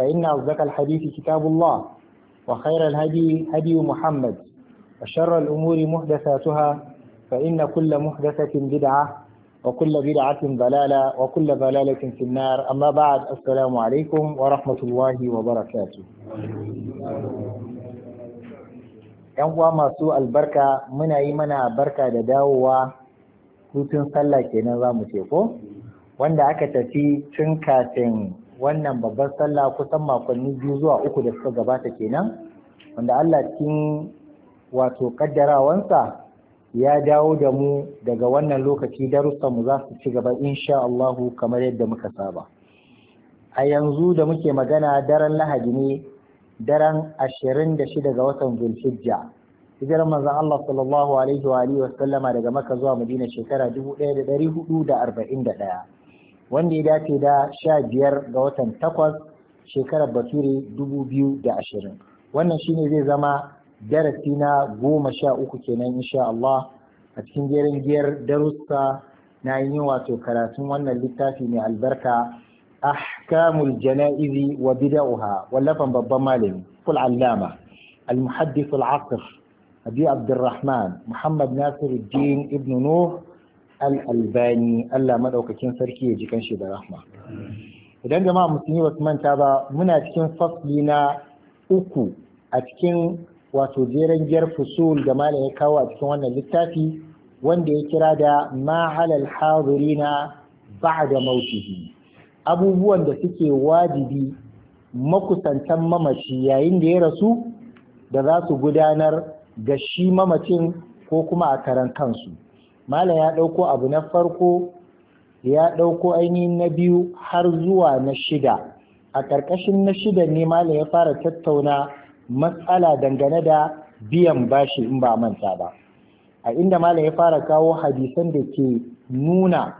فإن أصدق الحديث كتاب الله وخير الهدي هدي محمد وشر الأمور محدثاتها فإن كل محدثة بدعة وكل بدعة ضلالة وكل ضلالة في النار أما بعد السلام عليكم ورحمة الله وبركاته ‘Yan uwa masu albarka muna yi mana barka da dawowa hutun sallah kenan za mu ce ko? Wanda aka tafi tun kafin wannan babbar sallah kusan makonni biyu zuwa uku da suka gabata kenan wanda Allah cikin wato kaddarawansa ya dawo da mu daga wannan lokaci darussan mu za su ci gaba insha Allahu kamar yadda muka saba a yanzu da muke magana daren lahadi ne daren 26 ga watan Zulhijja hijirar manzon Allah sallallahu alaihi wa alihi wa sallama daga Makka zuwa Madina shekara 1441 wanda ya dace da sha biyar ga watan takwas shekarar bature dubu biyu da ashirin wannan shine zai zama darasi na goma sha uku kenan insha Allah a cikin jerin giyar darussa na yi wato karatun wannan littafi mai albarka ahkamul jana'izi wa bida'uha wallafan babban malami kul allama al-muhaddith al-asr abi abdurrahman muhammad nasiruddin ibn nuh al-albani Allah maɗaukakin sarki ya ji kan shi da rahma idan jama'a musulmi ba su manta ba muna cikin fasli na uku a cikin wato jeren giyar fusul da malam ya kawo a cikin wannan littafi wanda ya kira da ma'alal na da mautihi abubuwan da suke wajibi makusantan mamaci yayin da ya rasu da za su gudanar ga shi mamacin ko kuma a karan kansu malam ya ɗauko abu na farko ya ɗauko ainihin na biyu har zuwa na shida a ƙarƙashin na shida ne malam ya fara tattauna matsala dangane da biyan bashi in ba manta ba a inda malam ya fara kawo hadisan da ke nuna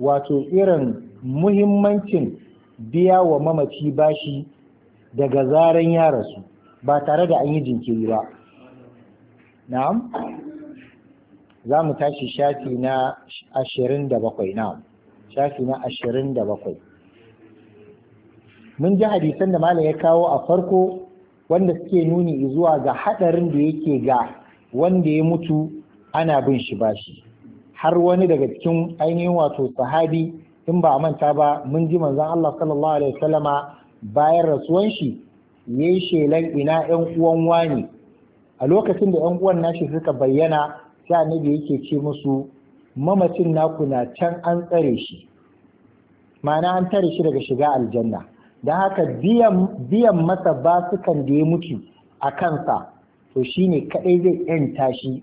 wato irin muhimmancin biya wa mamaci bashi daga zaren ya rasu ba tare da an yi jinkiri ba na'am za mu tashi shafi na ashirin da bakwai na shafi na ashirin da bakwai mun ji hadisan da malam ya kawo a farko wanda suke nuni zuwa ga haɗarin da yake ga wanda ya mutu ana bin shi bashi har wani daga cikin ainihin wato sahabi in ba a manta ba mun ji manzon Allah sallallahu alaihi wasallama bayan rasuwan shi yayi shelan ina 'yan uwan wani a lokacin da 'yan uwan nashi suka bayyana sai da yake ce musu mamacin naku na can an tsare shi ma'ana an tare shi daga shiga aljanna da haka biyan masa basukan da ya mutu a kansa to shine kaɗai zai yan tashi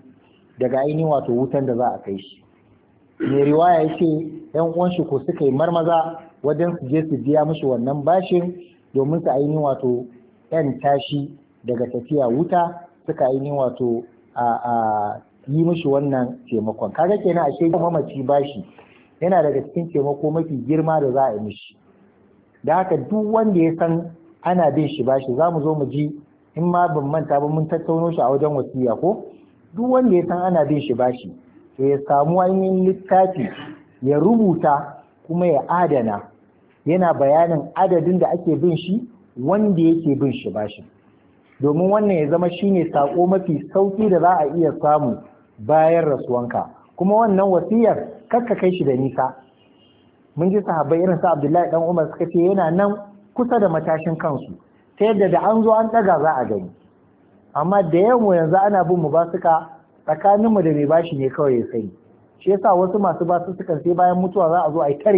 daga ainihin wato wutan da za a kai shi mai riwaya ya ce yan uwan shi ko suka yi marmaza wajen su je su biya mishi wannan bashin domin su ainihin wato yan tashi daga tafiya wuta suka ainihin wato a yi mishi wannan taimakon kaga kenan a ce mamaci bashi yana daga cikin taimako mafi girma da za a yi mishi da haka duk wanda ya san ana bin shi bashi za mu zo mu ji in ma ban manta ba mun tattauno shi a wajen wasiya ko duk wanda ya san ana bin shi bashi to ya samu ainihin littafi ya rubuta kuma ya adana yana bayanin adadin da ake bin shi wanda yake bin shi bashi domin wannan ya zama shine saƙo mafi sauƙi da za a iya samu bayan rasuwanka kuma wannan wasiyar karka kai shi da nisa mun ji sahabbai irin sa Abdullahi dan Umar suka ce yana nan kusa da matashin kansu ta yadda da an zo an daga za a gani amma da yamu yanzu ana bin mu basuka tsakanin mu da mai bashi ne kawai ya sani shi yasa wasu masu basu suka sai bayan mutuwa za a zo a yi ta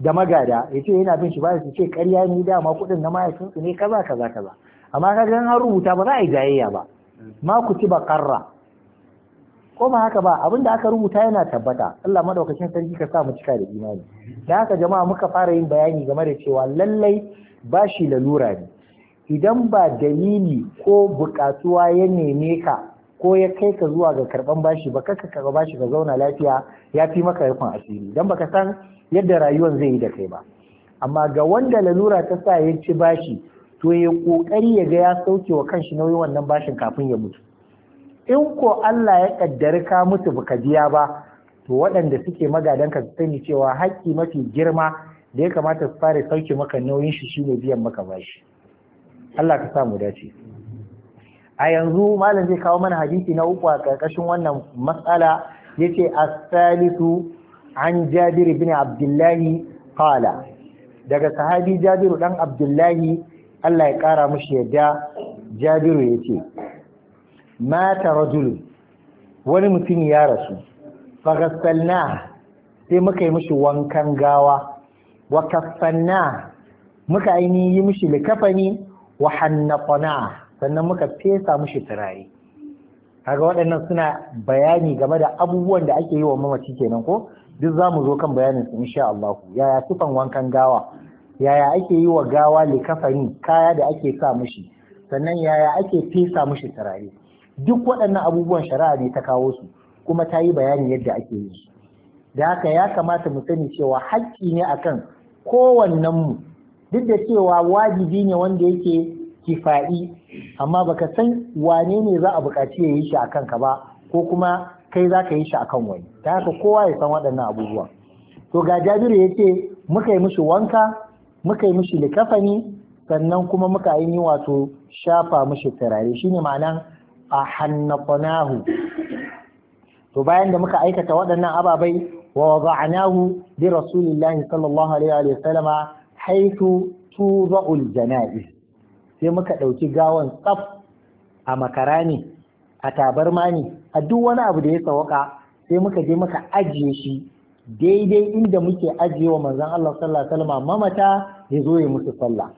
da magada yace yana bin shi ba su ce karya ne dama kuɗin na mahaifinsu ne kaza kaza kaza amma ka an rubuta ba za a yi jayayya ba ma ku ci baƙarra. ko ma haka ba abin da aka rubuta yana tabbata Allah madaukakin sarki ka sa mu cika da imani da haka jama'a muka fara yin bayani game da cewa lallai bashi lalura ne idan ba dalili ko bukatuwa ya neme ka ko ya kai ka zuwa ga karban bashi ba kaka ka bashi ka zauna lafiya ya fi maka rufin asiri dan baka san yadda rayuwar zai yi da kai ba amma ga wanda lalura ta sa ya ci bashi to ya kokari ya ga ya sauke wa kanshi nauyin wannan bashin kafin ya mutu in ko Allah ya ƙaddari ka mutu baka biya ba to waɗanda suke magadan ka sani cewa haƙƙi mafi girma da ya kamata su fara sauke maka nauyin shi shine biyan maka bashi Allah ka samu dace a yanzu malam zai kawo mana hadisi na uku a ƙarƙashin wannan matsala yace as-salisu an Jabir ibn Abdullah qala daga sahabi Jabiru dan Abdullahi Allah ya kara mushi yadda Jabiru yace mata rajul wani mutum ya rasu fagassalna sai muka yi mishi wankan gawa wa kaffanna muka ainihi yi mishi likafani wa hannafana sannan muka fesa mishi turare kaga waɗannan suna bayani game da abubuwan da ake yi wa mamaci kenan ko duk za mu zo kan bayanin su insha Allah yaya sifan wankan gawa yaya ake yi wa gawa likafani kaya da ake sa mishi sannan yaya ake fesa mishi turare duk waɗannan abubuwan shari'a ne ta kawo su kuma ta yi bayani yadda ake yin da haka ya kamata mu sani cewa haƙƙi ne akan kowannen mu duk da cewa wajibi ne wanda yake kifa'i amma baka san wane ne za a buƙaci ya yi shi akan ka ba ko kuma kai za ka yi shi akan wani Da haka kowa ya san waɗannan abubuwa to ga jabiru ya ce muka yi mishi wanka muka yi mishi likafani sannan kuma muka yi wato shafa mishi turare shine ma'anan a hannaqnahu to bayan da muka aikata waɗannan ababai wa wada'nahu bi rasulillahi sallallahu alaihi wa sallama haitu tuza'ul jana'iz sai muka ɗauki gawan tsaf a makarani a tabarma ne a duk wani abu da ya sawaka sai muka je muka ajiye shi daidai inda muke ajiye wa manzon Allah sallallahu alaihi mamata ya zo ya musu sallah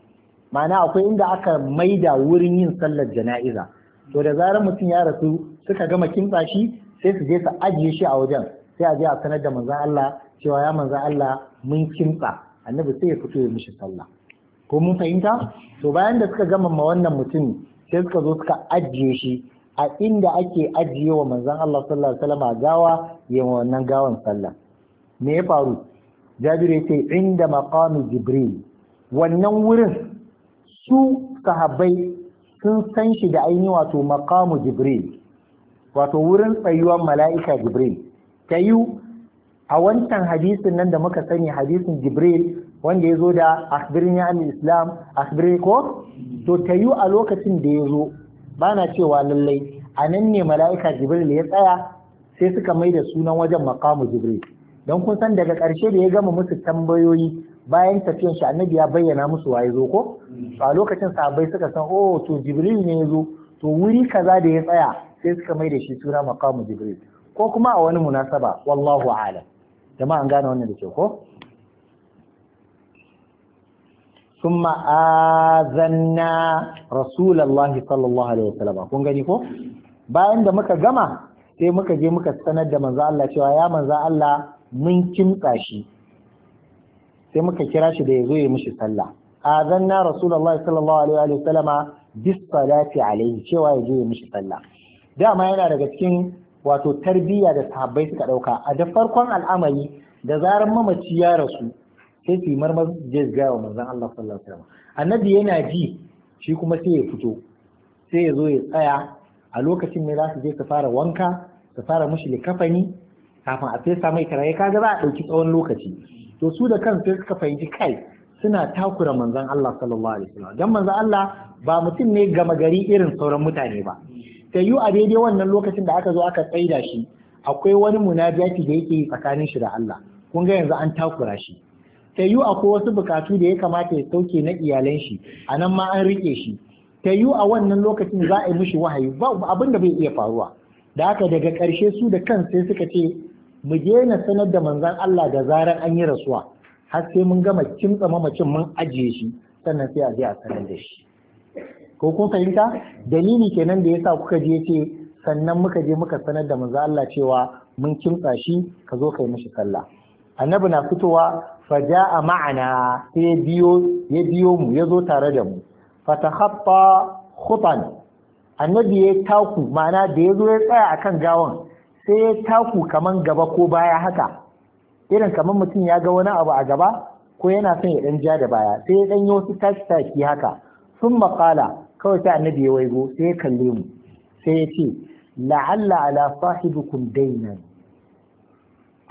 ma'ana akwai inda aka maida wurin yin sallar jana'iza to da zarar mutum ya rasu suka gama kintsa shi sai su je su ajiye shi a wajen sai a je a sanar da manzan Allah cewa ya manzan Allah mun kintsa annabi sai ya fito ya mishi sallah ko mun fahimta to bayan da suka gama ma wannan mutum sai suka zo suka ajiye shi a inda ake ajiye wa manzan Allah sallallahu alaihi wasallam gawa ya wannan gawan sallah me ya faru Jabiru ya ce inda maqami Jibril wannan wurin su sahabbai sun san shi da ainihi wato makamu jibril wato wurin tsayuwar mala'ika jibril ta yi a wancan hadisin nan da muka sani hadisin jibril wanda ya zo da asibirin ya islam asibirin ko to ta yi a lokacin da ya zo ba na cewa lallai a nan ne mala'ika jibril ya tsaya sai suka mai da sunan wajen makamu jibril don kun san daga ƙarshe da ya gama musu tambayoyi bayan tafiyan shi annabi ya bayyana musu waye zo ko mm. a lokacin sahabbai suka san oh to jibril ne ya zo to wuri kaza da ya tsaya sai suka mai da shi suna maqamu jibril ko kuma a wani munasaba wallahu a'lam jama'an gane wannan da ke ko ثم آذنا رسول الله صلى الله عليه kun gani ko bayan da muka gama sai muka je muka sanar da manzo Allah cewa ya manzo Allah mun kimtsa shi sai muka kira shi da ya zo ya mishi sallah azanna rasulullahi sallallahu alaihi wa sallama bis salati alaihi cewa ya zo ya mishi sallah dama yana daga cikin wato tarbiyya da sahabbai suka dauka a da farkon al'amari da zaran mamaci ya rasu sai su yi marmar je ga wa manzon Allah sallallahu alaihi wa wasallam annabi yana ji shi kuma sai ya fito sai ya zo ya tsaya a lokacin ne za su je su fara wanka su fara mushi likafani kafin a fesa mai karaye kaga za a ɗauki tsawon lokaci to su da kan sai suka fahimci kai suna takura manzon Allah sallallahu alaihi wasallam dan manzon Allah ba mutum ne gama gari irin sauran mutane ba ta yu a daidai wannan lokacin da aka zo aka tsaida shi akwai wani munajati da yake tsakanin shi da Allah kun ga yanzu an takura shi ta yu akwai wasu bukatu da ya kamata ya sauke na iyalan shi a nan ma an rike shi ta yiwu a wannan lokacin za a yi mishi wahayi ba abin da bai iya faruwa da haka daga ƙarshe su da kan sai suka ce mu daina sanar da manzan Allah da zarar an yi rasuwa har sai mun gama kimtsa mamacin mun ajiye shi sannan sai a je a sanar da shi ko kun fahimta dalili kenan da yasa kuka je ce sannan muka je muka sanar da manzan Allah cewa mun kimtsa shi ka zo kai mishi sallah annabi na fitowa ja'a ma'ana sai ya biyo ya biyo mu ya zo tare da mu fatakhaffa khutan annabi ya taku ma'ana da ya zo ya tsaya akan gawan sai ya taku kaman gaba ko baya haka irin kaman mutum ya ga wani abu a gaba ko yana son ya dan ja da baya sai ya dan yi wasu taki taki haka sun maƙala kawai sai annabi ya waigo sai ya kalle mu sai ya ce la'alla ala sahibukum dainan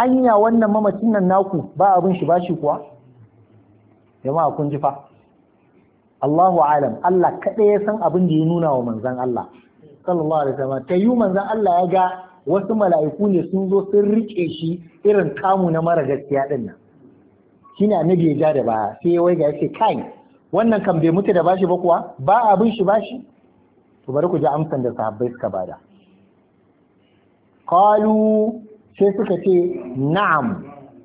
anya wannan mamacin nan naku ba abin shi bashi kuwa jama'a kun ji fa Allahu alam Allah kaɗai ya san abin da ya nuna wa manzon Allah sallallahu alaihi wasallam ta yi manzon Allah ya ga wasu mala'iku ne sun zo sun riƙe shi irin kamu na mara gaskiya ɗin nan Shi shine annabi ya ja da baya sai ya waiga ya ce kai wannan kan bai mutu da bashi ba kuwa ba abin shi bashi to bari ku ji amsan da sahabbai suka bada qalu sai suka ce na'am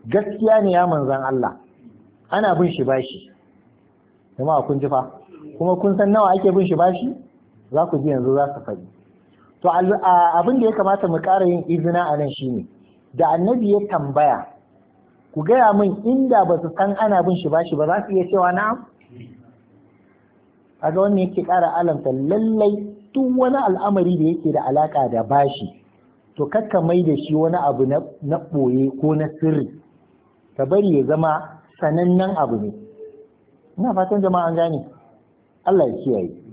gaskiya ne ya manzan Allah ana bin shi bashi jama'a kun ji fa kuma kun san nawa ake bin shi bashi za ku ji yanzu za su faɗi to abin da ya kamata mu ƙara yin izina a nan shi ne, da annabi ya tambaya ku gaya min inda ba su san ana bin shi bashi ba za su iya cewa na? a ga wannan yake ƙara alamta lallai duk wani al'amari da yake da alaka da bashi to kakka mai da shi wani abu na ɓoye ko na sirri ka bari ya zama sanannen abu ne ina fatan jama'an gane Allah ya kiyaye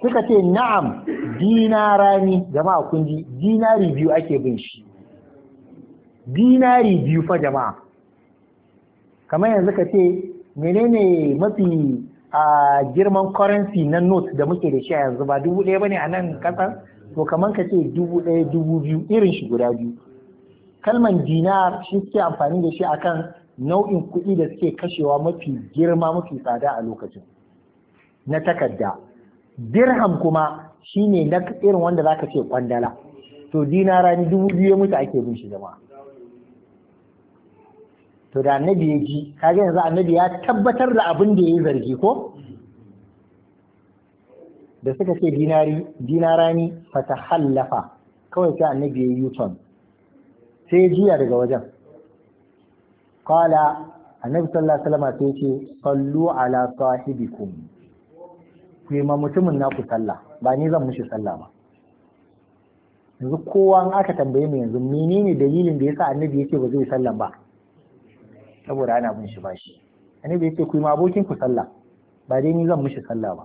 suka ce na'am dinarani jama'a kun ji dinari biyu ake bin shi dinari biyu fa jama'a kamar yanzu ka ce menene mafi a girman currency na note da muke da shi a yanzu ba dubu ɗaya bane a nan ƙasar to kamar ka ce dubu ɗaya dubu biyu irin shi guda biyu kalman dinar shi suke amfani da shi akan nau'in kuɗi da suke kashewa mafi girma mafi tsada a lokacin na takarda dirham kuma shine na irin wanda zaka ce kwandala to dinara ni dubu biyu ya mutu ake bin shi jama'a to da annabi ya ji kaga yanzu annabi ya tabbatar da abin da yi zargi ko da suka ce dinari dinara ni fatahallafa kawai sai annabi ya yi yuton sai ya juya daga wajen Kala, annabi sallallahu alaihi wasallam sai ya ce sallu ala sahibikum ku yi ma mutumin naku sallah ba ni zan mushi sallah ba yanzu kowa in aka tambaye mu yanzu menene dalilin da yasa annabi yake ba zai sallah ba saboda ana bin shi bashi annabi yake ku yi ma abokin ku sallah ba dai ni zan mushi sallah ba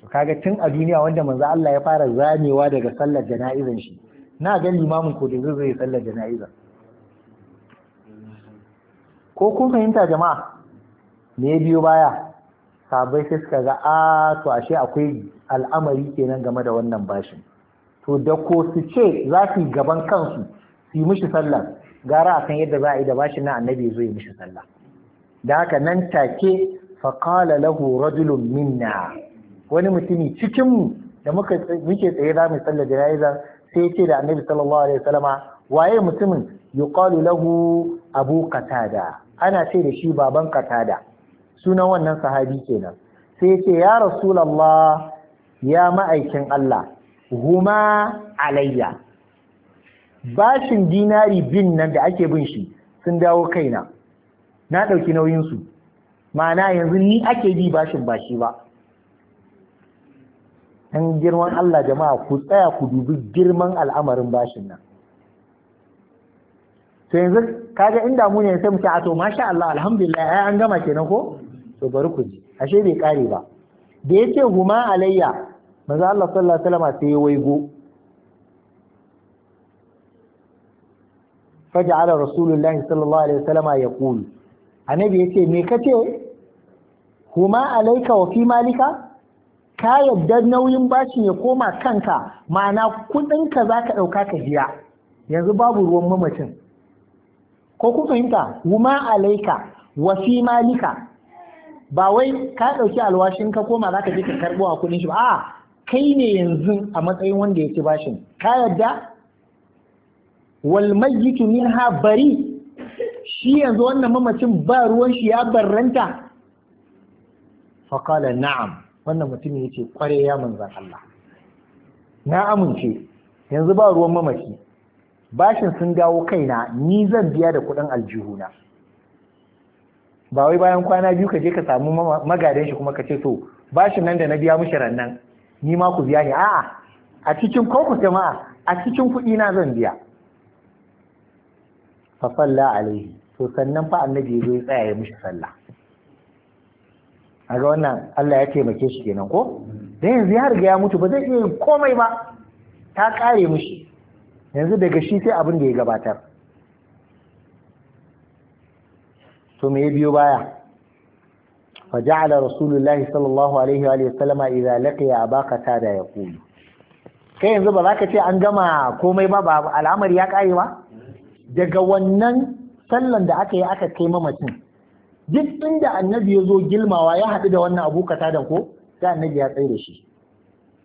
to kaga tun a duniya wanda manzo Allah ya fara zamewa daga sallar jana'izan shi na ga limamin ko da zai yi sallar jana'iza ko kun fahimta jama'a me biyo baya sabai sai suka ga a to ashe akwai al'amari kenan game da wannan bashin to da ko su ce za su yi gaban kansu su yi mishi sallah gara akan yadda za a yi da bashin na annabi zo yi mishi sallah da haka nan take qala lahu rajulun minna wani mutumi cikin mu da muke tsaye za mu sallar jana'iza sai ce da annabi sallallahu alaihi wasallama waye mutumin yuqalu lahu abu qatada ana ce da shi baban Katada. sunan wannan sahabi kenan sai ya ce ya rasulallah ya ma'aikin Allah huma alayya bashin dinari bin nan da ake bin shi sun dawo kaina na ɗauki nauyinsu ma'ana yanzu ni ake bi bashin ba shi ba an girman Allah jama'a ku tsaya ku dubi girman al'amarin bashin nan to yanzu kaga inda mu ne sai mu ce a to masha Allah alhamdulillah ai an gama kenan ko to bari ku ji ashe bai kare ba da yace huma alayya manzo Allah sallallahu alaihi wasallam sai ya waigo faj'ala rasulullahi sallallahu alaihi wasallam yaqul annabi yace me kace huma alayka wa fi malika ka yadda nauyin bashin ya koma kanka ma'ana kudin za ka ɗauka ka biya yanzu babu ruwan mamacin ko ku fahimta huma alayka wa fi malika ba wai ka ɗauki alwashin ka koma za ka je ka karɓo a kuɗin shi ba a kai ne yanzu a matsayin wanda ya ci bashin ka yadda wal mayyitu minha bari shi yanzu wannan mamacin ba ruwan shi ya barranta fa qala na'am wannan mutum yace kware ya manzan Allah na amince yanzu ba ruwan mamaci bashin sun dawo kaina ni zan biya da kuɗin aljihuna ba wai bayan kwana biyu ka je ka samu magadan shi kuma ka ce to shi nan da na biya mushi rannan ni ma ku biya ni a'a a cikin ku jama'a a cikin kuɗi na zan biya fa salla alaihi to sannan fa annabi ya tsaya ya mushi sallah a ga wannan Allah ya taimake shi kenan ko da yanzu ya riga ya mutu ba zai iya komai ba ta kare mushi yanzu daga shi sai abin da ya gabatar to me biyo baya fa ja'ala rasulullahi sallallahu alaihi wa sallama idza laqiya abaka da yaqulu kai yanzu ba za ka ce an gama komai ba ba al'amari ya kare ba daga wannan sallan da aka yi aka kai mamacin duk inda annabi ya zo gilmawa ya haɗu da wannan abu da ko da annabi ya tsaye da shi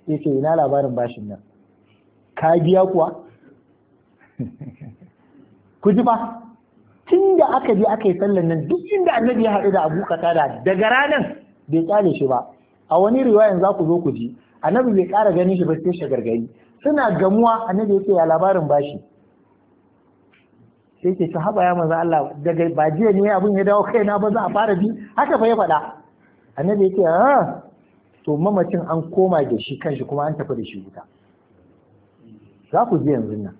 sai ina labarin bashin nan ka biya kuwa ku ji ba tun da aka je aka yi sallan nan duk inda annabi ya haɗu da abu katada daga ranar bai tsale shi ba a wani riwayan za ku zo ku ji annabi bai ƙara ganin shi ba sai shagargari suna gamuwa annabi ya ce ya labarin bashi sai ke ci haɓa ya maza Allah daga ba jiya ne abin ya dawo kaina ba za a fara bi haka fa ya faɗa annabi ya ce ah to mamacin an koma da shi kanshi kuma an tafi da shi wuta za ku ji yanzu nan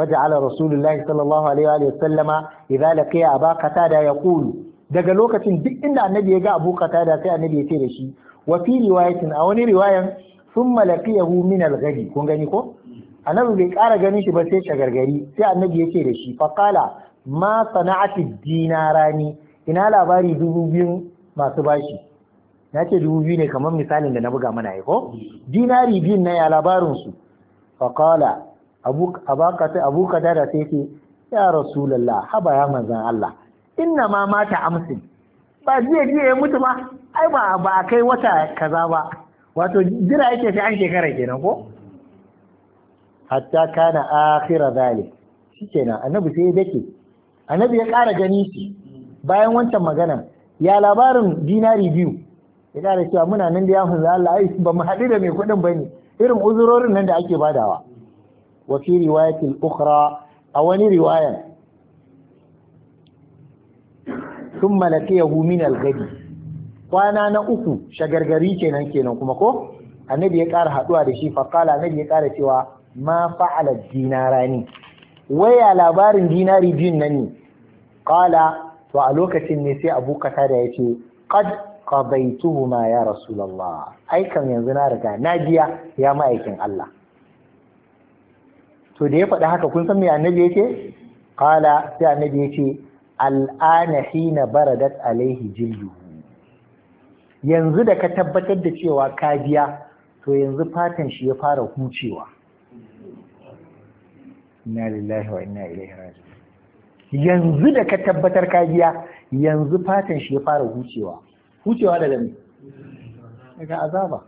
فجعل رسول الله صلى الله عليه وآله وسلم إذا لقي أبا قتادة يقول daga lokacin duk inda annabi ya ga Abu Qatada sai annabi ya ce da shi wa fi a wani riwayan thumma yabu min al-ghadi kun gani ko annabi bai kara ganin shi ba sai shagargari sai annabi ya ce da shi fa qala ma sana'ati dinarani ina labari dubu biyu masu bashi na ce dubu biyu ne kamar misalin da na buga mana ya ko dinari biyun na ya labarin su fa abu kada da sai ce ya rasulallah haba ya manzan Allah inna ma mata amsi ba jiya jiya ya mutu ba ai ba ba a kai wata kaza ba wato jira yake sai an shekara kenan ko hatta kana akhira zalik shikenan annabi sai ya dake annabi ya ƙara gani shi bayan wancan magana ya labarin dinari biyu ya kara cewa muna nan da ya hunza Allah ai ba mu haɗu da mai kuɗin bane irin uzurorin nan da ake badawa wa fi riwayatin a wani riwayan thumma laqiyahu min al kwana na uku shagargari kenan kenan kuma ko annabi ya ƙara haɗuwa da shi faƙala annabi ya ƙara cewa ma fa'ala Wai ya labarin dinari biyun nan ne ƙala to a lokacin ne sai abu kata da ya ce bai tuhuma ya rasu ai kan yanzu na riga na biya ya aikin Allah to da ya faɗi haka kun san me annabi yake qala sai annabi yake al'ana hina baradat alaihi jildu yanzu da ka tabbatar da cewa ka biya to yanzu fatan shi ya fara hucewa inna lillahi wa inna ilaihi raji'un yanzu da ka tabbatar ka biya yanzu fatan shi ya fara hucewa hucewa daga me daga azaba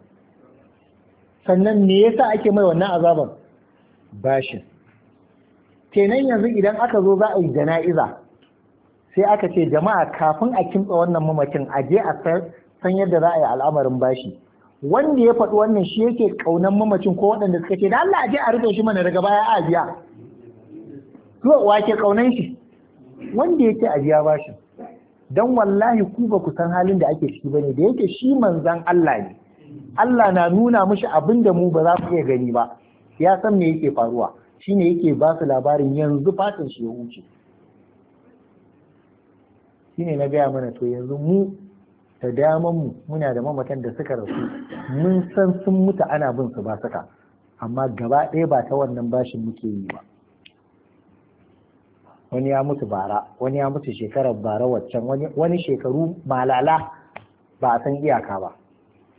sannan me yasa ake mai wannan azaban bashin kenan yanzu idan aka zo za a yi jana'iza sai aka ce jama'a kafin a kimtsa wannan mamacin a je a san yadda za a yi al'amarin bashi wanda ya faɗi wannan shi yake ƙaunan mamacin ko waɗanda suka ce da Allah a je a rufe shi mana daga baya a biya to wa ke ƙaunan shi wanda yake a biya bashin dan wallahi ku ba ku san halin da ake ciki bane da yake shi manzan Allah ne Allah na nuna mishi abin da mu ba za mu iya gani ba ya san me yake faruwa shine yake ba su labarin yanzu fatan shi ya wuce shine na gaya mana to yanzu mu da daman mu muna da mamatan da suka rasu mun san sun mutu ana bin su ba saka amma gaba ɗaya ba ta wannan bashin muke yi ba wani ya mutu bara wani ya mutu shekarar bara waccan wani shekaru malala ba a san iyaka ba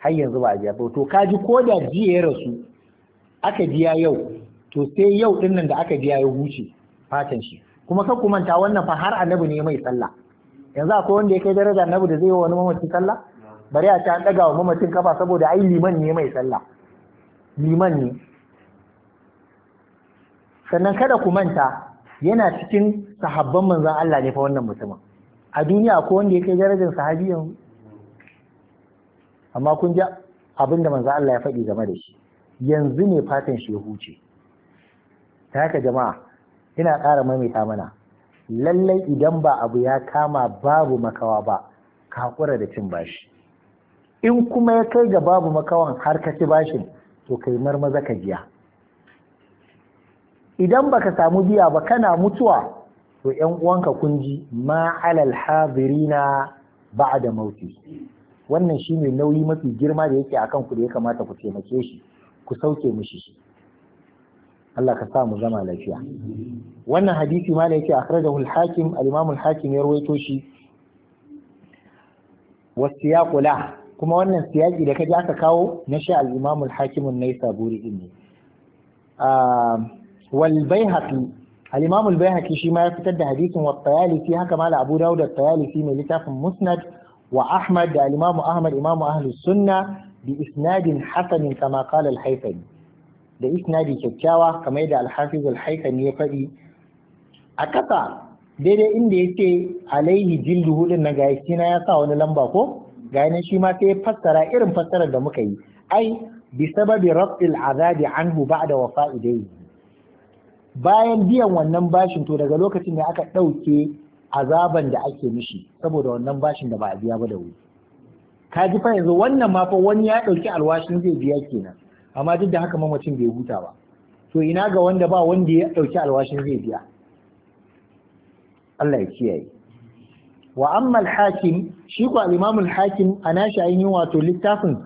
har yanzu ba a biya ba to kaji ko da jiya ya rasu aka biya yau to sai yau din nan da aka biya ya huce fatan shi kuma ka manta wannan fa har annabi ne mai sallah yanzu akwai wanda ya kai daraja annabi da zai yi wani mamacin sallah bari a ta daga wa mamacin kafa saboda ai liman ne mai sallah liman ne sannan kada ku manta yana cikin sahabban manzon Allah ne fa wannan mutumin a duniya akwai wanda ya kai darajar sahabi yanzu amma kun ji abin da Allah ya faɗi game da shi yanzu ne fatan shi ya huce ta haka jama'a ina ƙara maimaita mana lallai idan ba abu ya kama babu makawa ba ka haƙura da cin bashi in kuma ya kai ga babu makawan har ka ci bashin to kai marmaza ka jiya. idan baka samu biya ba kana mutuwa to ƴan uwanka kun ji ma alal hadirina ba'da mauti wannan shine nauyi mafi girma da yake akan ku da ya kamata ku taimake shi ku sauke mu shi Allah ka sa mu zama lafiya wannan hadisi ma da yake akhrajahu al-hakim al-imam al-hakim ya rawaito shi kuma wannan siyaqi da kaji aka kawo na sha al-imam al-hakim an-naisaburi din ne ah, wal baihaqi al-imam al-baihaqi shi ma ya fitar da hadisin wa tayalisi haka ma abu dawud da tayalisi mai littafin musnad wa ahmad da al-imam ahmad imam ahlus sunna bi isnadin hasanin kama qala al-haythami da isnadi kyakkyawa kamar da al-hafiz al-haythami ya faɗi a kasa daidai inda yake alaihi jildu hudun na ga shi na ya sa wani lamba ko ga shi ma sai ya fassara irin fassarar da muka yi ai bi sababi rabbil azabi anhu ba'da wafa'i dai bayan biyan wannan bashin to daga lokacin da aka ɗauke azaban da ake mishi saboda wannan bashin da ba a biya ba da wuri ka ji fa yanzu wannan ma fa wani ya ɗauki alwashin zai biya kenan amma duk da haka mamacin bai huta ba to ina ga wanda ba wanda ya ɗauki alwashin zai biya Allah ya kiyaye wa amma al-hakim shi ko al-imam al-hakim ana shi ayin wato littafin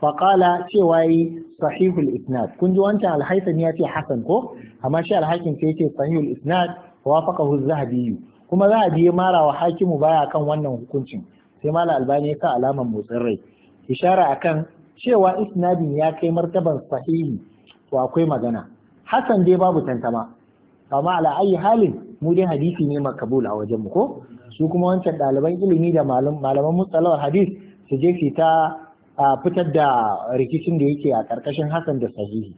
faqala cewa yi sahihul isnad kun ji wancan al-haythami ya ce hasan ko amma shi al-hakim sai yace sahihul isnad faqahu az-zahabi kuma zahabi ya mara wa hakimu baya kan wannan hukuncin sai mala albani ya sa alaman motsin rai ishara akan cewa isnadin ya kai martaban sahihi to akwai magana hasan dai babu tantama amma ala ayi halin mu dai hadisi ne makabul a wajen mu ko su kuma wancan ɗaliban ilimi da malaman mutsalawar hadis su je su ta fitar da rikicin da yake a ƙarƙashin hasan da sahihi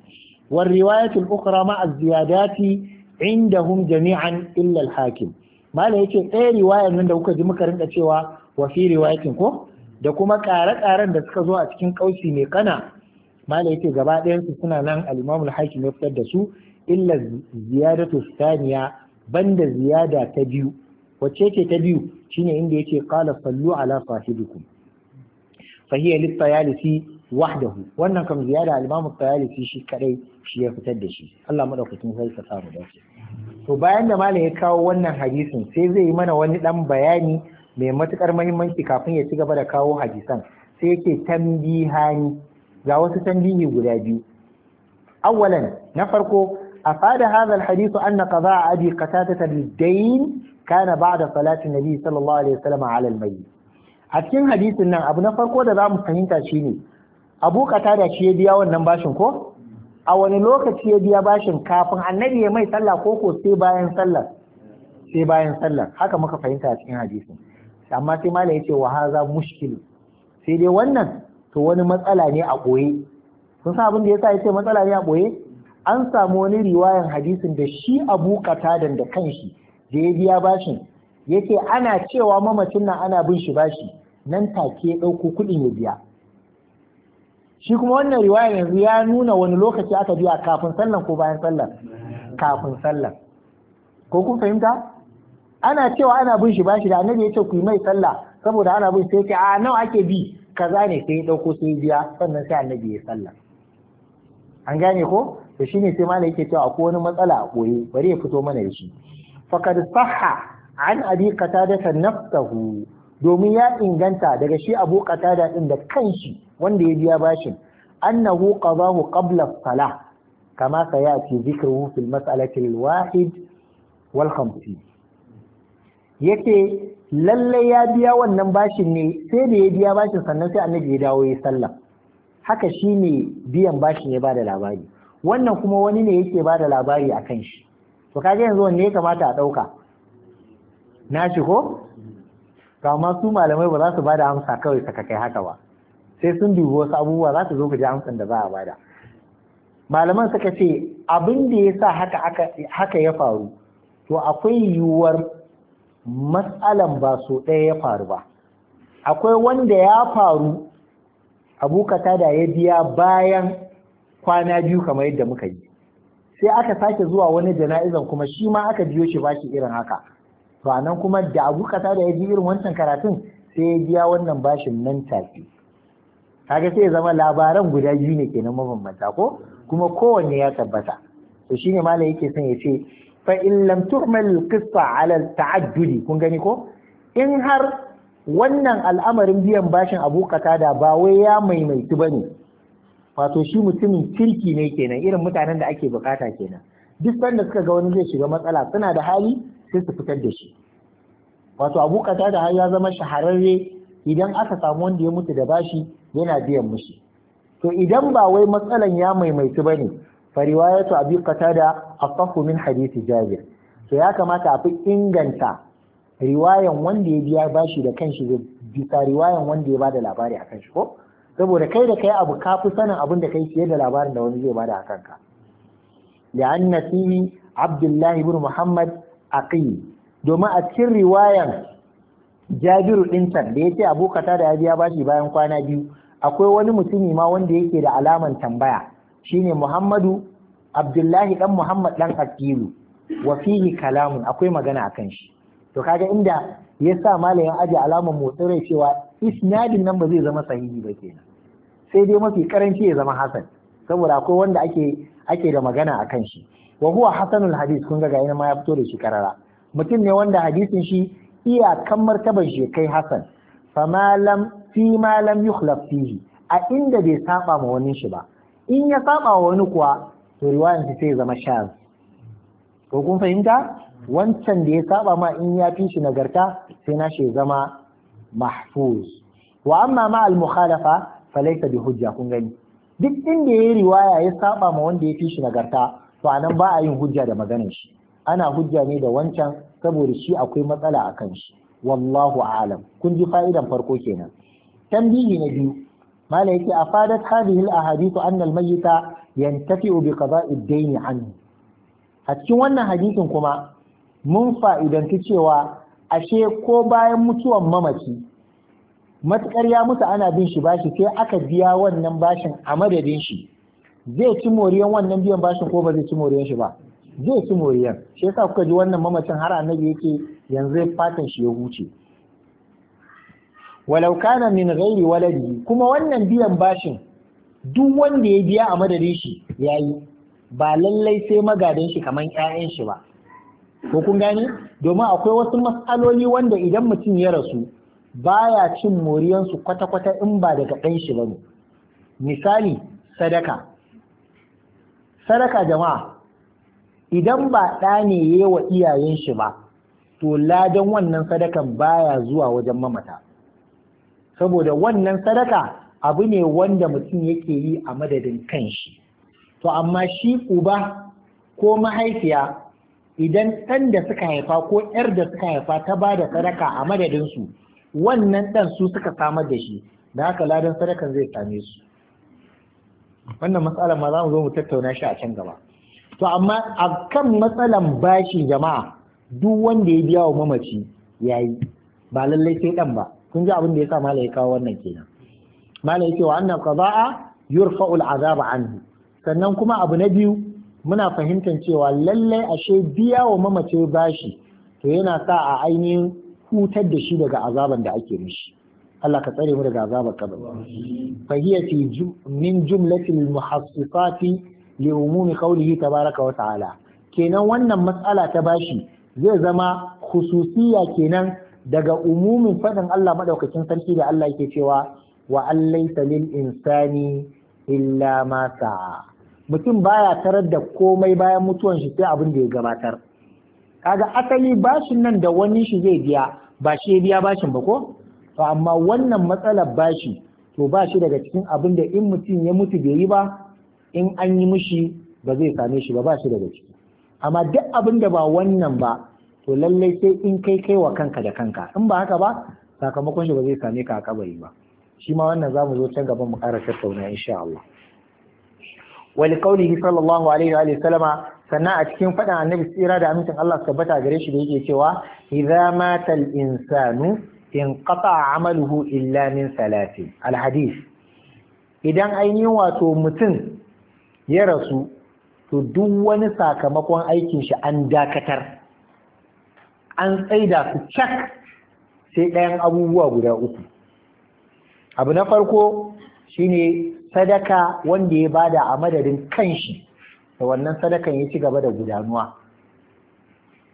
war riwayatul ukhra ma az-ziyadati indahum jami'an illa al-hakim mala yake ɗaya riwayar nan da kuka ji muka rinka cewa wa fi ko da kuma ƙare-ƙaren da suka zo a cikin ƙausi mai kana mala yake gaba ɗayan suna nan al-Imam al-Hakim ya fitar da su illa ziyadatu thaniya banda ziyada ta biyu wacce ce ta biyu shine inda yake qala sallu ala sahibikum fa hiya lit-tayalisi wahdahu wannan kam ziyada al-Imam al-Tayalisi shi kadai shi ya fitar da shi Allah madaukakin sai ka samu dace to bayan da mala ya kawo wannan hadisin sai zai yi mana wani dan bayani mai matukar mahimmanci kafin ya ci gaba da kawo hadisan sai yake tambihani ga wasu tambihi guda biyu awwalan na farko afada hadha alhadith anna qada'a abi qatada ta dayn kana ba'da salati nabi sallallahu alaihi wasallam ala al a cikin hadisin nan abu na farko da zamu fahimta shine abu qatada shi ya biya wannan bashin ko a wani lokaci ya biya bashin kafin annabi ya mai sallah ko ko sai bayan sallah sai bayan sallah haka muka fahimta a cikin hadisin amma sai malam ce wa haza mushkil sai dai wannan to wani matsala ne a boye kun san abin da yasa ce matsala ne a boye an samu wani riwayan hadisin da shi Abu Qatadan da kanshi da ya biya bashin yace ana cewa mamacin nan ana bin shi bashi nan take ɗauko kuɗin ya biya shi kuma wannan riwaya yanzu ya nuna wani lokaci aka biya kafin sallan ko bayan sallan kafin sallan ko kun fahimta ana cewa ana bin shi bashi da annabi ya ce ku yi mai sallah saboda ana bin sai ce a nawa ake bi kaza ne sai ya dauko sai biya sannan sai annabi ya sallah an gane ko to shine sai malai yake cewa akwai wani matsala a koyi bari ya fito mana da shi faqad sahha an abi qatada nafsahu domin ya inganta daga shi abu qatada din da kanshi wanda ya biya bashin annahu qadahu qabla salah kama sayati dhikruhu fil mas'alati al-wahid wal khamsin yace lallai ya biya wannan bashin ne sai da ya biya bashin sannan sai annabi ya dawo ya sallah haka shi ne biyan bashin ya bada labari wannan kuma wani ne yake bada labari akan shi to kaga yanzu wanne ya kamata a dauka shi ko ga masu malamai ba za su bada amsa kawai saka kai haka ba sai sun dubi wasu abubuwa za su zo ku ji amsan da za a bada malaman suka ce abin da ya sa haka ya faru to akwai yiwuwar matsalan ba so ɗaya ya faru ba akwai wanda ya faru abu da ya biya bayan kwana biyu kamar yadda muka yi sai aka sake zuwa wani jana'izan kuma shi ma aka biyo shi ba shi irin haka to nan kuma da abu da ya ji irin wancan karatun sai ya biya wannan bashin nan take kaga sai ya zama labaran guda biyu ne kenan mabambanta ko kuma kowanne ya tabbata to shine malam yake son ya ce fa in lam tuhmal qissa ala ta'addudi kun gani ko in har wannan al'amarin biyan bashin abu da ba wai ya maimaitu bane wato shi mutumin kirki ne kenan irin mutanen da ake bukata kenan duk sanda suka ga wani zai shiga matsala suna da hali sai su fitar da shi wato abu da har ya zama shahararre idan aka samu wanda ya mutu da bashi yana biyan mushi to idan ba wai matsalan ya maimaitu bane fa riwayatu abi qatada asahhu min hadith jabir to ya kamata a fi inganta riwayan wanda ya biya bashi da kanshi da bisa riwayan wanda ya bada labari a kanshi ko saboda kai da kai abu ka fi sanin abin da kai fiye da labarin da wani zai bada a kanka li'anna fihi abdullahi ibn muhammad aqil domin a cikin riwayan jabiru din da yace abu kata da ya biya bashi bayan kwana biyu akwai wani mutumi ma wanda yake da alaman tambaya Shi ne Muhammadu Abdullahi ɗan Muhammad ɗan Aqilu wa fihi kalamun akwai magana akan shi to kaga inda ya sa malamin aji alamar motsin rai cewa isnadin nan ba zai zama sahihi ba kenan sai dai mafi karanci ya zama Hassan saboda akwai wanda ake ake da magana akan shi wa huwa hasanul hadis kun ga ga ma ya fito da shi karara mutum ne wanda hadisin shi iya kan martaban shi kai Hassan. fa malam fi malam yukhlaf fihi a inda bai saba ma wani shi ba in ya saba wa wani kuwa to riwayan sai zama shaz ko kun fahimta wancan da ya saba ma in ya fi shi nagarta sai na shi zama mahfuz wa amma ma al mukhalafa laysa bi hujja kun gani duk inda yayi riwaya ya saba ma wanda ya fi shi nagarta to anan ba a yin hujja da maganar shi ana hujja ne da wancan saboda shi akwai matsala akan shi wallahu a'lam kun ji fa'idan farko kenan tambihi na biyu mala yake a fadar al a anna al-mayyita yantafi'u bi qada'i ad-dayn anhu a cikin wannan hadisin kuma mun fa'idanci cewa ashe ko bayan mutuwan mamaci matukar ya mutu ana bin shi bashi sai aka biya wannan bashin a madadin shi zai ci moriyan wannan biyan bashin ko ba zai ci moriyan shi ba zai ci moriyan shi yasa kuka ji wannan mamacin har annabi yake yanzu fatan shi ya huce walau kana min ghairi waladi kuma wannan biyan bashin duk wanda ya biya a madadin shi yayi ba lallai sai magadan shi kamar ƴaƴan shi ba ko kun gane domin akwai wasu matsaloli wanda idan mutum ya rasu baya cin moriyansu kwata-kwata in ba daga ɗan shi bane misali sadaka sadaka jama'a idan ba ɗa ne yayi wa iyayen shi ba to ladan wannan sadakan baya zuwa wajen mamata saboda wannan sadaka abu ne wanda mutum yake yi a madadin kanshi to amma shi uba ko mahaifiya idan ɗan da suka haifa ko ‘yar da suka haifa ta ba da sadaka a madadinsu wannan ɗan su suka samar da shi da haka ladan sadakan zai same su wannan matsalar ma za mu zo mu tattauna shi a can gaba to amma a kan matsalan bashi jama'a duk wanda ya biya wa mamaci ya yi ba lallai sai ɗan ba kun ji abin da yasa mala ya kawo wannan kenan mala yake wa annan qada'a yurfa'u al'azaba anhu sannan kuma abu na biyu muna fahimtar cewa lallai ashe biya wa mamace bashi to yana sa a ainihin hutar da shi daga azaban da ake mishi Allah ka tsare mu daga azabar kabari fa hiya fi min jumlatil muhassisati li umumi qawlihi wa ta'ala kenan wannan matsala ta bashi zai zama khususiyya kenan daga umumin faɗin Allah maɗaukakin sarki da Allah yake cewa wa allaita lil insani illa ma sa'a mutum baya tarar da komai bayan mutuwan shi sai abin da ya gabatar kaga asali bashin nan da wani shi zai biya ba shi ya biya bashin ba ko to amma wannan matsalar bashi to ba daga cikin abin da in mutum ya mutu bai yi ba in an yi mishi ba zai same shi ba ba daga ciki amma duk abin da ba wannan ba to lallai sai in kai kai wa kanka da kanka in ba haka ba sakamakon shi ba zai same ka a kabari ba shi ma wannan zamu zo can gaban mu ƙara tattauna insha Allah wal qawlihi sallallahu alaihi wa sallama sannan a cikin faɗin annabi tsira da amincin Allah tabbata gare shi da yake cewa idza mata al insanu inqata amaluhu illa min salati al hadith idan ainihin wato mutum ya rasu to duk wani sakamakon aikin shi an dakatar an tsaida su cak sai ɗayan abubuwa guda uku abu na farko shi ne sadaka wanda ya bada a madadin kanshi da wannan sadakan ya ci gaba da gudanuwa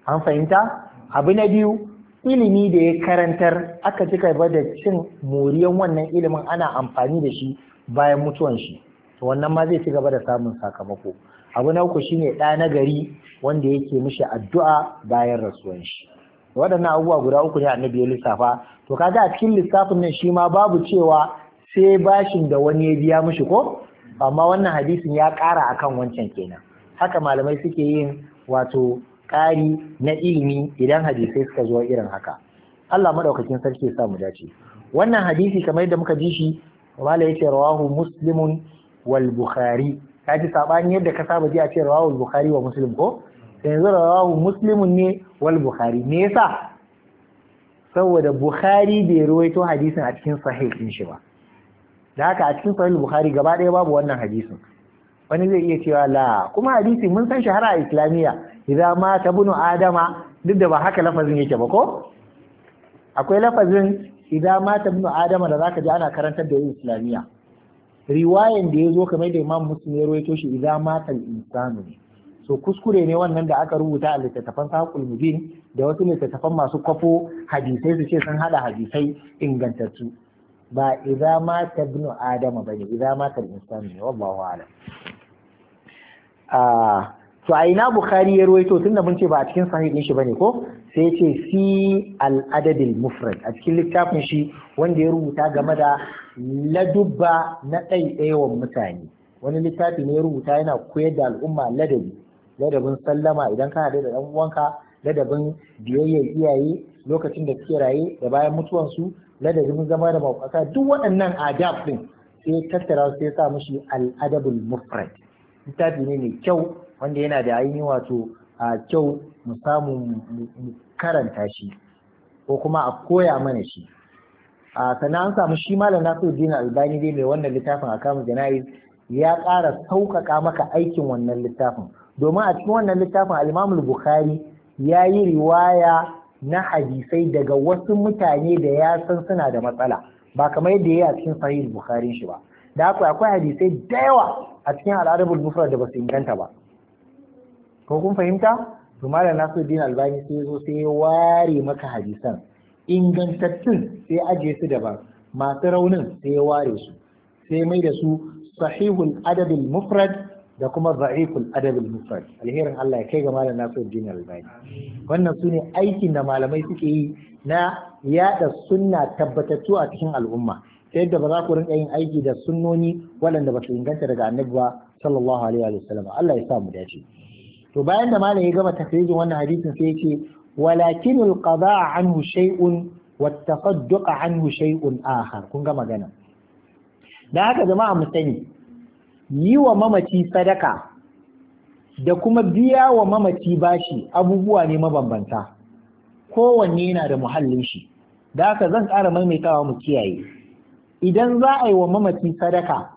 an fahimta abu na biyu ilimi da ya karantar aka ci gaba da cin moriyan wannan ilimin ana amfani da shi bayan mutuwan shi wannan ma zai ci gaba da samun sakamako abu na uku shine ɗa na gari wanda yake mishi addu'a bayan rasuwan shi waɗannan abubuwa guda uku ne annabi ya lissafa to kaga a cikin lissafin nan shi ma babu cewa sai bashin da wani ya biya mishi ko amma wannan hadisin ya ƙara akan wancan kenan haka malamai suke yin wato ƙari na ilimi idan hadisai suka zo irin haka Allah madaukakin sarki ya mu dace wannan hadisi kamar yadda muka ji shi wala yake rawahu muslimun wal bukhari ji saɓani yadda ka saba ji a ce rawahu bukhari wa muslim ko sai yanzu rawahu muslimun ne wal bukhari me yasa saboda bukhari bai ruwaito hadisin a cikin sahih din shi ba da haka a cikin sahih bukhari gaba ɗaya babu wannan hadisin wani zai iya cewa la kuma hadisi mun san shahara a islamiyya idan ma ta bunu adama duk da ba haka lafazin yake ba ko akwai lafazin idan ma ta bunu adama da zaka ji ana karantar da islamiyya riwayan da ya zo kamar da imam muslim ya rawaito shi idza mata al-insanu so kuskure ne wannan da aka rubuta a littattafan sahaqul mubin da wasu littattafan masu kwafo hadisai su ce sun hada hadisai ingantattu ba idza mata ibnu adama bane idza mata al-insanu wallahu a'lam ah, to a ina bukhari ya ruwaito tunda mun ce ba a cikin sahihin shi bane ko sai ce fi al-adadil mufrad a cikin littafin shi wanda ya rubuta game da ladubba na ɗaiɗayawan mutane wani littafi ne ya rubuta yana koyar da al'umma ladabi ladabin sallama idan ka haɗu da ɗan uwanka ladabin biyayyar iyaye lokacin da suke raye da bayan mutuwansu ladabin zama da mabukata duk waɗannan adab ɗin sai tattara sai sa mushi al-adabul mufrad littafi ne mai kyau wanda yana da ainihi wato a kyau mu samu mu karanta shi ko kuma a koya mana shi a sannan an samu shi malam Nasiruddin Albani dai mai wannan littafin a kamun ya ƙara sauƙaƙa maka aikin wannan littafin domin a cikin wannan littafin al Bukhari ya yi riwaya na hadisai daga wasu mutane da ya san suna da matsala ba kamar yadda ya yi a cikin sahih Bukhari shi ba da haka akwai hadisai da yawa a cikin al'adabul mufrad da ba su inganta ba ko kun fahimta to malam Nasiruddin Albani sai zo sai ya ware maka hadisan ingantattun sai aje su daban masu raunin sai ya ware su sai mai da su sahihul adabil mufrad da kuma za'iful adabil mufrad alherin Allah ya kai ga malam Nasiruddin Albani wannan sune aikin da malamai suke yi na yada sunna tabbatattu a cikin al'umma ta yadda ba za ku rinka yin aiki da sunnoni waɗanda ba su inganta daga annabi ba sallallahu alaihi wa sallam Allah ya sa mu dace to bayan da malam ya gama tafsirin wannan hadisin sai yake walakin alqada anhu shay'un wattaqadduq anhu shay'un akhar kun ga magana da haka jama'a mu sani yi wa mamaci sadaka da kuma biya wa mamaci bashi abubuwa ne mabambanta kowanne yana da muhallin shi da haka zan ƙara maimaitawa mu kiyaye idan za a yi wa mamaci sadaka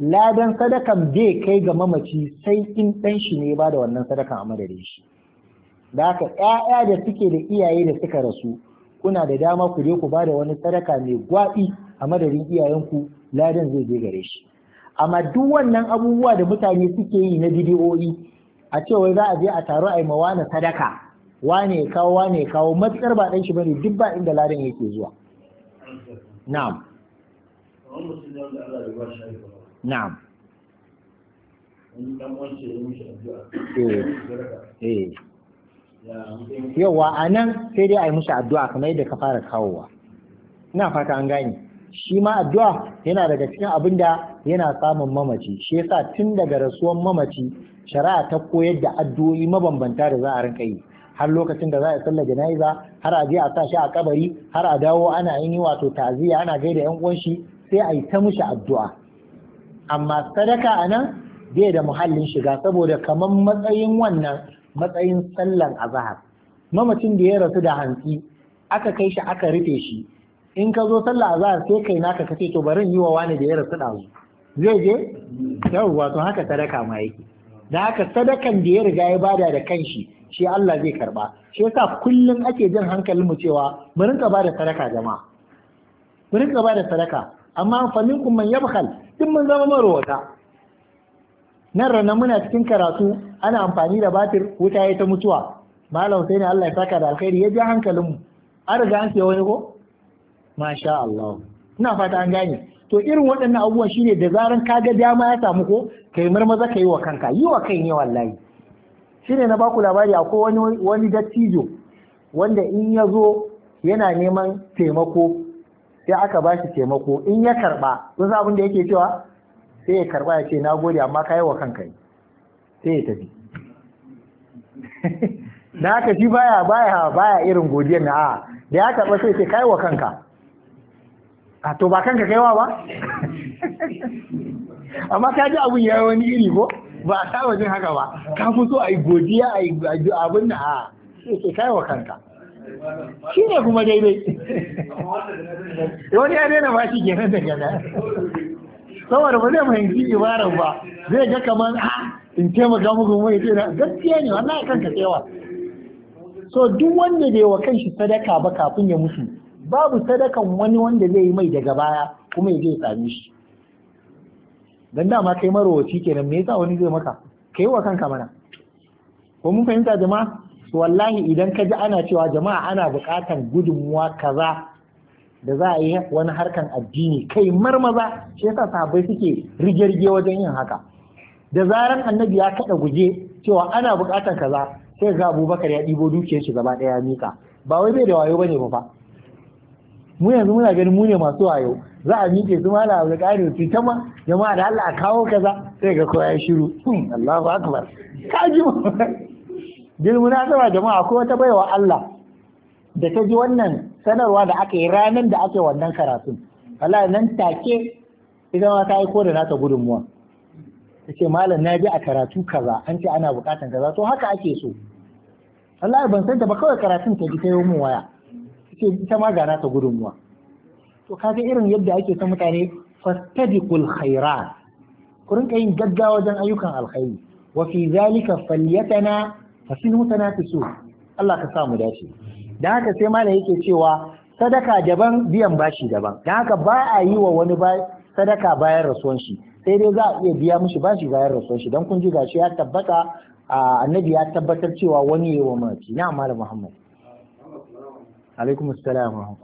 ladan sadakan bai kai ga mamaci sai in ɗan shi ne ba da wannan sadakan a madadin shi da haka ƴaƴa da suke da iyaye da suka rasu kuna da dama ku je ku ba da wani sadaka mai gwaɓi a madadin iyayenku ladan zai je gare shi amma duk wannan abubuwa da mutane suke yi na bidiyoyi a cewa za a je a taro a yi ma wani sadaka wane ya kawo wane ya kawo matsar ba ɗan shi bane duk ba inda ladan yake zuwa na'am na'am eh. eh. Yau a nan sai dai a yi musu addu'a kamar yadda ka fara kawowa ina fata an gane shi ma addu'a yana daga cikin abin da yana samun mamaci shi yasa tun daga rasuwan mamaci shari'a ta koyar da addu'o'i mabambanta da za a rinka yi har lokacin da za a sallar jana'iza har a je a sa shi a kabari har a dawo ana yin wato ta'aziyya ana gaida yan uwan shi sai a yi ta mushi addu'a amma sadaka a nan bai da muhallin shiga saboda kamar matsayin wannan matsayin sallan azahar mamacin da ya rasu da hantsi aka kai shi aka rufe shi in ka zo sallah azahar sai kai naka ka ce to barin yi wa wani da ya rasu ɗazu zai je yau wato haka sadaka ma yake da haka sadakan da ya riga ya bada da kanshi shi Allah zai karba shi yasa kullum ake jin hankalin mu cewa mu rinka bada sadaka jama'a mu rinka bada sadaka amma fa minkum man yabkhal duk mun zama marowata nan ranar muna cikin karatu ana amfani da batir wuta ya ta mutuwa malam sai ne Allah ya saka da alkhairi ya ja hankalinmu an riga an siya wani ko masha Allah ina fata an gane to irin waɗannan abubuwan shine da zaran ka ga dama ya samu ko kai marmaza ka yi wa kanka yi wa kai ne wallahi shine na baku labari akwai wani wani dattijo wanda in ya zo yana neman taimako sai aka ba shi taimako in ya karba kun san abin da yake cewa sai ya karba ya ce na gode amma ka yi wa kanka yi sai ya tafi da haka shi baya baya baya irin godiyar na a da ya karba sai ce yi wa kanka a to ba kanka kaiwa ba amma ka ji abin yi wani iri ko ba a saba jin haka ba ka fi so a yi godiya a yi abin na a sai ka yi wa kanka shi ne kuma daidai wani ya daina ba shi nan daga nan saboda ba zai fahimci ibarar ba zai ga kamar a ah, in taimaka muku mai ce na gaskiya ne wannan akan ka tsewa so duk wanda bai wa kanshi sadaka ba kafin ya mutu babu sadakan wani wanda zai yi mai daga baya kuma ya je ya same shi dan dama kai marowaci kenan me yasa wani zai maka kai wa kanka mana ko mun fahimta jama'a wallahi idan ka ji ana cewa jama'a ana buƙatar gudunmuwa kaza da za a yi wani harkan addini kai marmaza shi yasa sahabbai suke rigirge wajen yin haka da zaran annabi ya kada guje cewa ana buƙatar kaza sai ga abubakar ya ɗibo dukiyar shi gaba ɗaya mika ba wai bai da wayo bane fa mu yanzu muna ganin mu ne masu wayo za a miƙe su mala da ƙari su ta ma jama'a da Allah a kawo kaza sai ga kowa ya shiru hmm, Allahu akbar ka ji bil munasaba jama'a akwai wata baiwa Allah da ta ji wannan sanarwa da aka yi ranar da ake wannan karatun Allah nan take ita ma ta aiko da nata gudunmuwa ta ce malam na ji a karatu kaza an ce ana bukatan kaza to haka ake so Allah ban san ta ba kawai karatun ta ji ta yi waya ce ita ma ga nata gudunmuwa to kaga irin yadda ake son mutane fastabiqul khairat ku rinka yin gaggawa wajen ayyukan alkhairi wa fi zalika falyatana fasinu so. Allah ka sa mu dace Da haka sai malam yake cewa sadaka daban biyan bashi daban Da haka ba a yi wa wani sadaka bayan rasuwan shi sai dai za a iya biya mishi bashi bayan rasuwan shi dan kun ji gashi ya tabbata annabi ya tabbatar cewa wani yayi wa mace na malam Muhammad alaikum assalam wa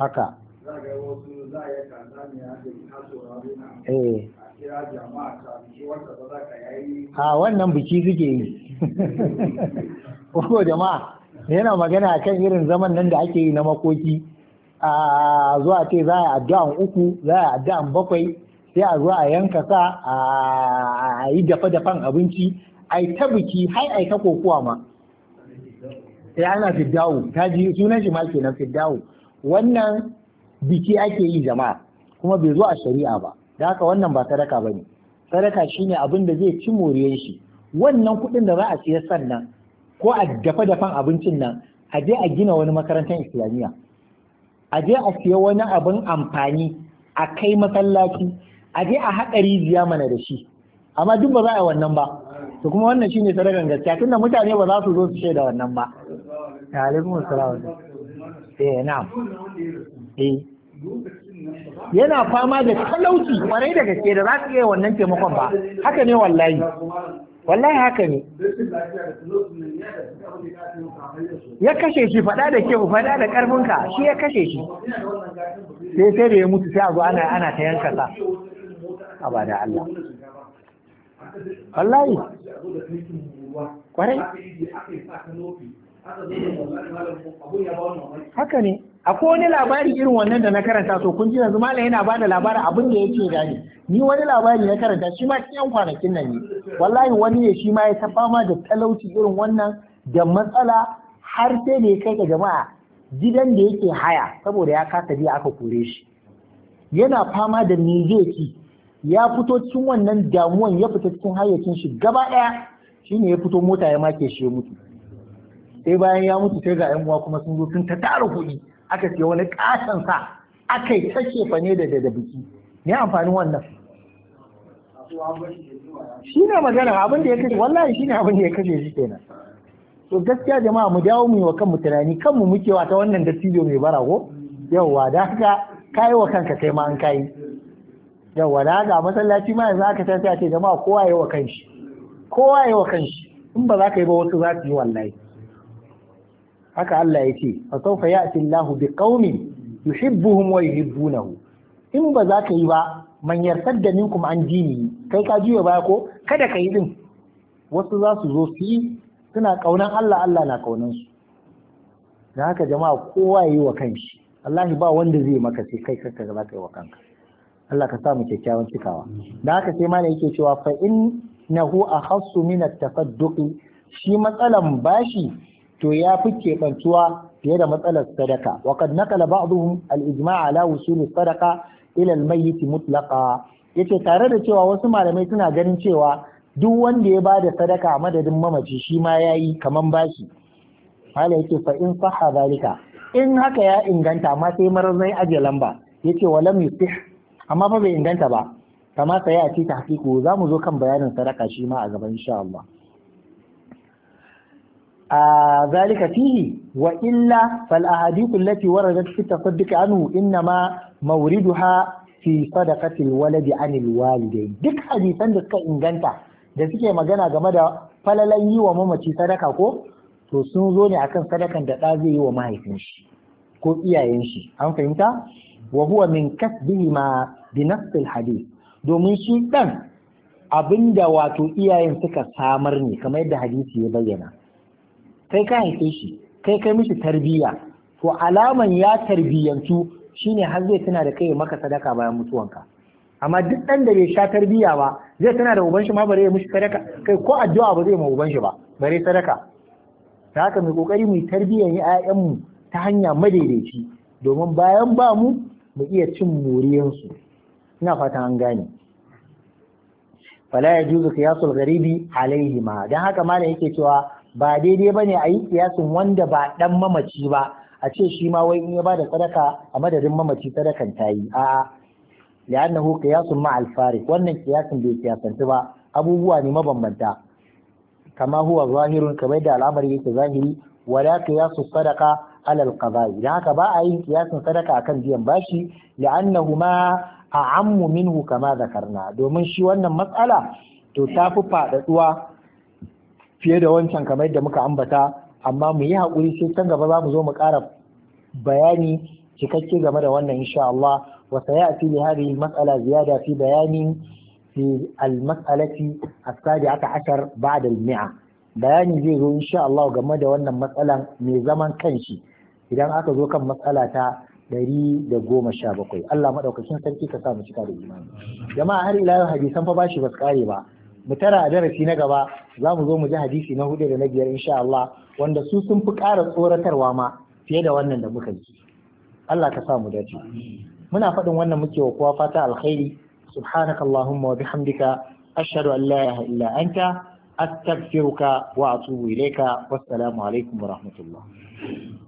haka a wannan biki suke yi ko jama'a yana magana akan irin zaman nan da ake yi na makoki a zuwa ce za a addu'an uku za a addu'an bakwai sai a zuwa a yanka sa a yi dafa-dafan abinci a yi ta biki hai a yi ta kokuwa ma sai ana fiddawo ta ji sunan shi ma kenan fiddawo wannan biki ake yi jama'a kuma bai zo a shari'a ba da haka wannan ba sadaka ba ne. sadaka shine abin da zai ci moriyar shi wannan kuɗin da za a siya sannan ko a dafa dafan abincin nan a je a gina wani makarantar islamiyya a je a siya wani abin amfani a kai masallaci a je a haɗa rijiya mana da shi amma duk ba za a yi wannan ba to kuma wannan shine sadakan gaskiya tunda mutane ba za su zo su shaida wannan ba alaikum assalam eh na'am eh yana fama da talauci kwarai da gaske da za su iya wannan taimakon ba haka ne wallahi wallahi haka ne ya kashe shi faɗa da ke faɗa da karfinka shi ya kashe shi sai sai da ya mutu sai a zo ana ana ta yanka sa a ba da Allah wallahi kwarai haka ne akwai wani labari irin wannan da na karanta to kun ji yanzu mala yana da labarin abin da yake gani ni wani labari na karanta shi ma cikin kwanakin nan ne wallahi wani ne shi ma ya ta fama da talauci irin wannan da matsala har sai da ya kai ga jama'a gidan da yake haya saboda ya kasa biya aka kore shi yana fama da me zai ya fito cikin wannan damuwan ya fita cikin hayyacin shi gaba ɗaya shine ya fito mota ya make shi ya mutu sai bayan ya mutu sai ga yan uwa kuma sun zo sun ta tara kuɗi aka ce wani ƙasan sa aka yi take fa ne da da biki ne amfanin wannan shi ne magana abin da ya kashe wallahi shi ne abin da ya kashe shi kenan to gaskiya jama'a mu dawo mu yi wa kanmu tunani kanmu muke wa ta wannan dattijo mai bara ko yawwa da haka kayi wa kanka kai ma an kai yawwa da haka masallaci ma yanzu aka tafi ce jama'a kowa yi wa kanshi kowa yi wa kanshi in ba za ka yi ba wasu za su yi wallahi haka Allah ya ce fa sawfa ya'ti Allahu bi qaumin yuhibbuhum wa yuhibbunahu in ba za ka yi ba man da minkum an dini kai ka juya baya ko kada ka yi din wasu za su zo su yi suna kaunan Allah Allah na kaunan su da haka jama'a kowa yayi wa kanshi wallahi ba wanda zai maka sai kai kanka ga ka yi wa kanka Allah ka sa mu kyakkyawan cikawa da haka sai malai yake cewa fa in nahu akhassu min at-tafadduqi shi matsalan bashi to ya fi keɓantuwa fiye da matsalar sadaka wa kad nakala ba'dhum al ijma'a ala wusul sadaqa ila al-mayyit mutlaqa yace tare da cewa wasu malamai suna ganin cewa duk wanda ya ba da sadaka a madadin mamaci shi ma yayi kaman bashi hala yake fa in sahha zalika in haka ya inganta amma sai marar zai aje lamba yace wa lam yusih amma fa bai inganta ba kama sai a ci tahqiqu za mu zo kan bayanin sadaka shi ma a gaban insha ذلك فيه وإلا فالأحاديث التي وردت في التصدق عنه إنما موردها في صدقة الولد عن الوالدين دك حديثا Duk hadisan da suke magana game da falalan yi wa mamaci sadaka ko to sun zo ne akan sadakan da ɗa zai yi wa mahaifin shi ko iyayen shi an fahimta wa huwa min kasbihi ma bi nafsil hadith domin shi dan abinda wato iyayen suka samar ne kamar yadda hadisi ya bayyana kai ka haife shi kai kai mishi tarbiyya to alaman ya tarbiyyantu shine har zai tana da kai maka sadaka bayan mutuwanka amma duk ɗan da bai sha tarbiyya ba zai tana da uban shi ma bare ya mishi sadaka kai ko addu'a ba zai ma uban shi ba bare sadaka ta haka mai kokari mu tarbiyyan mu ta hanya madaidaici domin bayan ba mu mu iya cin su ina fatan an gane fala ya qiyasul gharibi alaihima dan haka malam yake cewa ba daidai ba ne a yi kiyasin wanda ba ɗan mamaci ba a ce shi ma wai in ya bada sadaka a madadin mamaci sadakan ta yi a li'annahu qiyasun ma al wannan kiyasin bai kiyasantu ba abubuwa ne mabambanta kama huwa zahirun kamar da al'amari yake zahiri wala kiyasu sadaka alal qada'i dan haka ba a yin kiyasin sadaka akan biyan bashi li'annahu ma a'ammu minhu kama zakarna domin shi wannan matsala to ta fi faɗaɗuwa fiye da wancan kamar yadda muka ambata amma mu yi haƙuri sai can gaba za mu zo mu ƙara bayani cikakke game da wannan insha Allah wa sayati li hadhihi mas'ala ziyada fi bayani fi al-mas'alati as-sadi'ata ashar ba'da al-mi'a bayani zai zo insha Allah game da wannan matsalan mai zaman kanshi idan aka zo kan matsala ta ɗari da goma sha bakwai Allah maɗaukacin sarki ka sa mu cika da imani jama'a har ila yau hadisan fa bashi ba su kare ba mu tara a darasi na gaba za mu zo mu ji hadisi na hudu da na biyar insha Allah wanda su sun fi ƙara tsoratarwa ma fiye da wannan da muka ji Allah ka sa mu dace muna faɗin wannan muke wa kowa fata alkhairi subhanaka allahumma wa bihamdika ashhadu an la ilaha illa anta astaghfiruka wa atubu ilayka wassalamu alaikum wa rahmatullah